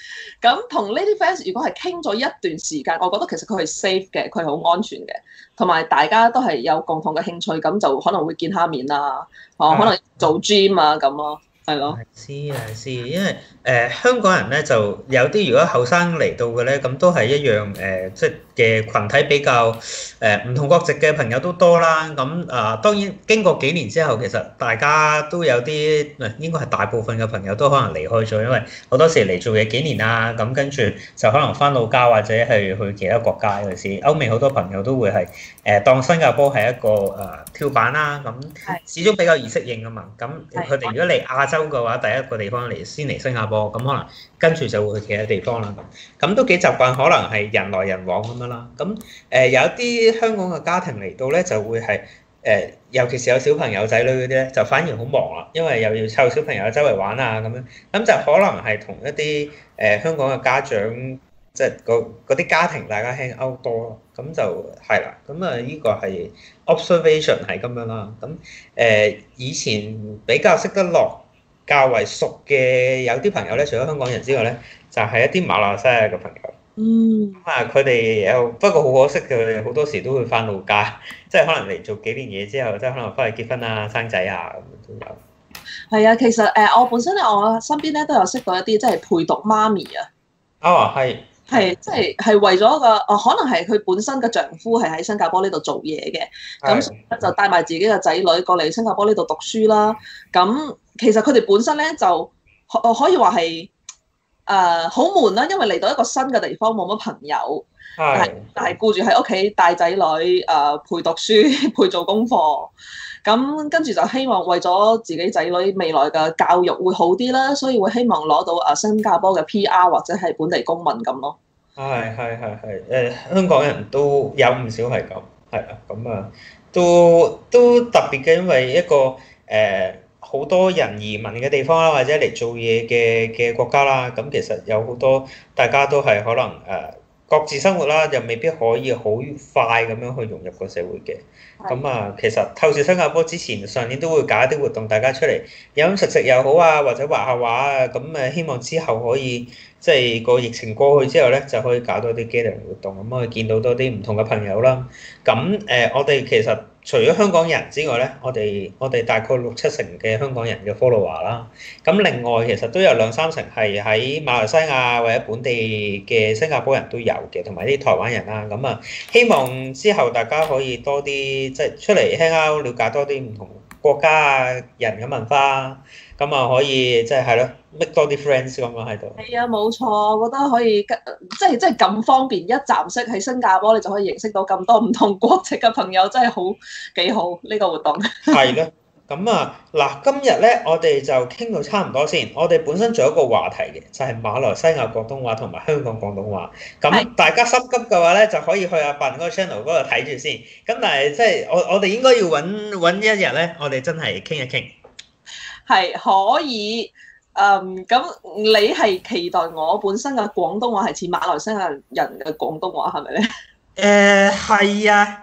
咁同呢啲 fans 如果係傾咗一段時間，我覺得其實佢係 safe 嘅，佢係好安全嘅，同埋大家都係有共同嘅興趣，咁就可能會見下面啊，哦、呃，啊、可能做 gym 啊咁咯，係咯、啊。係，係，係。因為誒、呃、香港人咧，就有啲如果後生嚟到嘅咧，咁都係一樣誒、呃，即係。嘅群體比較誒唔、呃、同國籍嘅朋友都多啦，咁啊當然經過幾年之後，其實大家都有啲唔係應該係大部分嘅朋友都可能離開咗，因為好多時嚟做嘢幾年啦，咁跟住就可能返老家或者係去，去其他國家嗰陣時，尤其是歐美好多朋友都會係誒、啊、當新加坡係一個誒、呃、跳板啦，咁、嗯、始終比較易適應㗎嘛，咁佢哋如果嚟亞洲嘅話，第一個地方嚟先嚟新加坡，咁、嗯、可能跟住就會去其他地方啦，咁、嗯嗯、都幾習慣，可能係人來人往咁。咁誒、呃、有啲香港嘅家庭嚟到咧，就會係誒、呃，尤其是有小朋友仔女嗰啲咧，就反而好忙啊，因為又要湊小朋友周圍玩啊咁樣，咁就可能係同一啲誒、呃、香港嘅家長，即係嗰啲家庭大家 hang out 多咯，咁就係啦，咁啊呢個係 observation 係咁、嗯、樣啦，咁誒、呃、以前比較識得落較為熟嘅有啲朋友咧，除咗香港人之外咧，就係、是、一啲馬來西亞嘅朋友。嗯，啊，佢哋有不過好可惜嘅，好多時都會翻老家，即係可能嚟做幾年嘢之後，即係可能翻去結婚啊、生仔啊咁都有。係啊，其實誒，我本身咧，我身邊咧都有識到一啲即係陪讀媽咪啊。哦，係，係，即係係為咗個哦，可能係佢本身嘅丈夫係喺新加坡呢度做嘢嘅，咁就帶埋自己嘅仔女過嚟新加坡呢度讀書啦。咁其實佢哋本身咧就可可以話係。誒好、uh, 悶啦、啊，因為嚟到一個新嘅地方冇乜朋友，係，但係顧住喺屋企帶仔女，誒、uh, 陪讀書、陪做功課，咁跟住就希望為咗自己仔女未來嘅教育會好啲啦，所以會希望攞到誒新加坡嘅 PR 或者係本地公民咁咯、啊。係係係係，誒、呃、香港人都有唔少係咁，係啊，咁啊都都特別嘅，因為一個誒。呃好多人移民嘅地方啦，或者嚟做嘢嘅嘅國家啦，咁其實有好多大家都係可能誒各自生活啦，又未必可以好快咁樣去融入個社會嘅。咁啊的，其實透視新加坡之前上年都會搞一啲活動，大家出嚟飲飲食食又好啊，或者畫下畫啊，咁誒希望之後可以即係個疫情過去之後咧，就可以搞多啲 gathering 活動，咁可以見到多啲唔同嘅朋友啦。咁誒，我哋其實。除咗香港人之外呢，我哋我哋大概六七成嘅香港人嘅 follow 啦，咁另外其實都有兩三成係喺馬來西亞或者本地嘅新加坡人都有嘅，同埋啲台灣人啦啊。咁啊，希望之後大家可以多啲即係出嚟聽下了解多啲唔同。國家啊，人嘅文化、啊，咁啊可以即係係咯，make 多啲 friends 咁樣喺度。係啊，冇錯，我覺得可以即係即係咁方便，一站式喺新加坡，你就可以認識到咁多唔同國籍嘅朋友，真係好幾好呢、呢個活動。係咯。咁啊，嗱，今日咧，我哋就傾到差唔多先。我哋本身仲有一個話題嘅，就係馬來西亞廣東話同埋香港廣東話。咁大家心急嘅話咧，就可以去阿笨嗰個 channel 嗰度睇住先。咁但係即係我我哋應該要揾揾一日咧，我哋真係傾一傾。係可以，嗯，咁你係期待我本身嘅廣東話係似馬來西亞人嘅廣東話係咪咧？誒，係啊。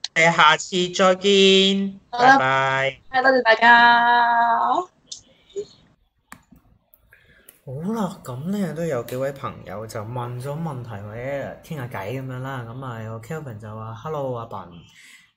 下次再見，了拜拜，係多謝大家。好啦，咁呢都有幾位朋友就問咗問題或者傾下偈咁樣啦。咁啊，Kelvin 就話 ：，Hello，阿笨。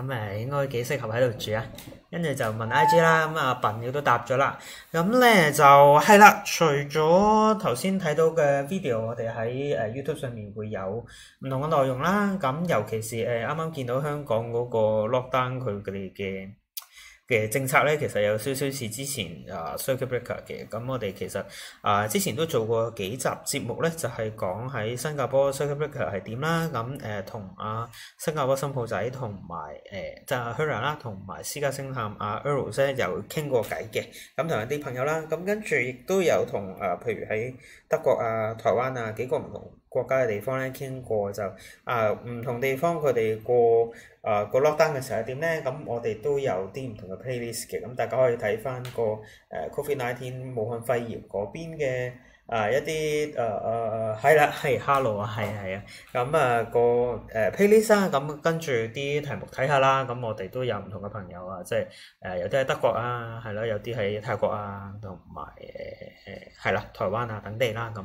咁咪應該幾適合喺度住 啊，跟住就問 I G 啦，咁阿笨鳥都答咗啦，咁咧就係啦，除咗頭先睇到嘅 video，我哋喺誒 YouTube 上面會有唔同嘅內容啦，咁尤其是誒啱啱見到香港嗰個 lockdown 佢哋嘅嘅政策咧，其實有少少似之前啊，Circuit Breaker 嘅。咁我哋其實啊，之前都做過幾集節目咧，就係講喺新加坡 Circuit Breaker 係點啦。咁誒，同、呃、啊新加坡新抱仔同埋誒，即係 Hira 啦，同、呃、埋、啊、私家星探阿 Earls 咧，有、啊、傾過偈嘅。咁同啲朋友啦，咁跟住亦都有同啊，譬如喺德國啊、台灣啊幾個唔同國家嘅地方咧，傾過就啊，唔同地方佢哋過啊、呃、過 lockdown 嘅時候點咧，咁我哋都有啲唔同嘅 playlist 嘅，咁大家可以睇返個誒 Covid nineteen、19武漢肺炎嗰邊嘅。啊一啲誒誒誒係啦係，hello 啊係係啊，咁、那、啊個誒 Patreon 咁跟住啲題目睇下啦，咁、啊、我哋都有唔同嘅朋友啊、嗯，即係誒、呃、有啲喺德國啊，係咯，有啲喺泰國啊，同埋誒誒係啦，台灣啊等地啦咁，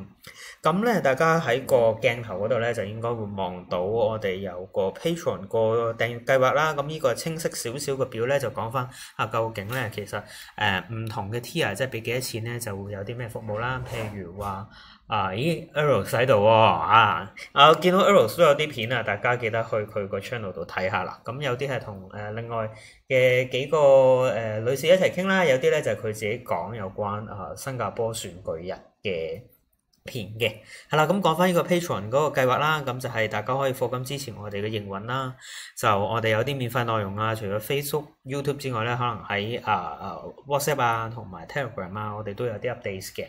咁咧、嗯、大家喺個鏡頭嗰度咧就應該會望到我哋有個 Patreon 個訂閱計劃啦，咁、啊、呢個清晰少少嘅表咧就講返啊究竟咧其實誒唔、呃、同嘅 tier 即係俾幾多錢咧就會有啲咩服務啦，譬如。話、e、啊，咦 e r o s 喺度喎啊！我見到 e r o s 都有啲片啊，大家記得去佢個 channel 度睇下啦。咁有啲係同誒另外嘅幾個誒、呃、女士一齊傾啦，有啲咧就係佢自己講有關啊新加坡選舉日嘅片嘅，係啦。咁講翻呢個 Patreon 嗰個計劃啦，咁就係大家可以課金支持我哋嘅營運啦。就我哋有啲免費內容啊，除咗 Facebook、YouTube 之外咧，可能喺啊啊 WhatsApp 啊同埋 Telegram 啊，我哋都有啲 updates 嘅。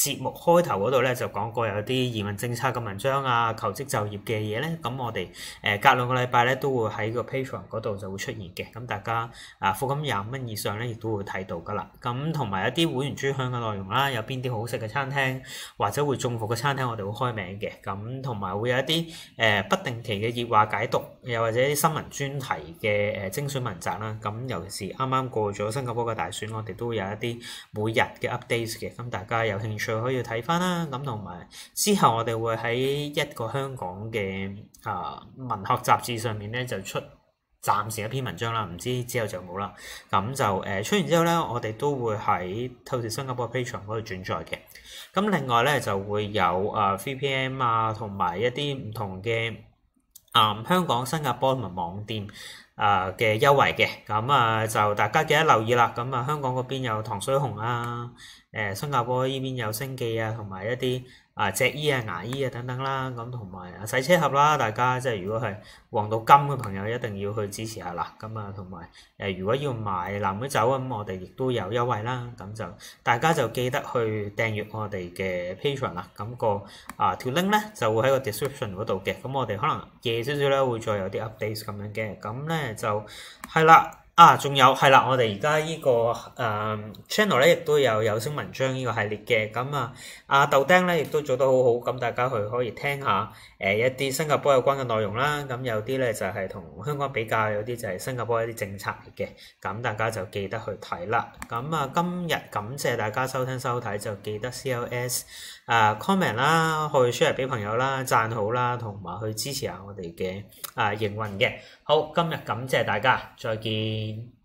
節目開頭嗰度咧就講過有啲移民政策嘅文章啊，求職就業嘅嘢咧，咁我哋誒隔兩個禮拜咧都會喺個 Patreon 嗰度就會出現嘅，咁大家啊付金廿蚊以上咧亦都會睇到噶啦，咁同埋一啲會員專享嘅內容啦，有邊啲好食嘅餐廳或者會中伏嘅餐廳我哋會開名嘅，咁同埋會有一啲誒不定期嘅熱話解讀，又或者啲新聞專題嘅誒精選文集啦，咁尤其是啱啱過咗新加坡嘅大選，我哋都會有一啲每日嘅 updates 嘅，咁大家有興趣，就可以睇翻啦，咁同埋之後我哋會喺一個香港嘅啊文學雜誌上面咧就出暫時一篇文章啦，唔知之後就冇啦。咁就誒、呃、出完之後咧，我哋都會喺透視新加坡 Patreon 嗰度轉載嘅。咁另外咧就會有啊 VPN 啊，啊同埋一啲唔同嘅啊香港、新加坡同埋網店啊嘅優惠嘅。咁啊就大家記得留意啦。咁啊香港嗰邊有唐水紅啊～誒、呃，新加坡呢邊有星記啊，同埋一啲啊只衣啊牙醫啊等等啦，咁同埋洗車盒啦，大家即係如果係黃到金嘅朋友，一定要去支持下啦，咁啊，同埋誒，如果要買藍莓酒咁，我哋亦都有優惠啦，咁就大家就記得去訂閱我哋嘅 Patreon 啦，咁、那個啊條 link 咧就會喺個 description 度嘅，咁我哋可能夜少少咧會再有啲 update 咁樣嘅，咁咧就係啦。啊，仲有係啦，我哋而家依個誒、呃、 channel 咧，亦都有有聲文章依個系列嘅，咁啊，阿豆丁咧亦都做得好好，咁大家去可以聽下。誒一啲新加坡有關嘅內容啦，咁有啲咧就係同香港比較，有啲就係新加坡一啲政策嚟嘅，咁大家就記得去睇啦。咁啊，今日感謝大家收聽收睇，就記得 CLS 啊 comment 啦，去 share 俾朋友啦，讚好啦，同埋去支持下我哋嘅啊營運嘅。好，今日感謝大家，再見。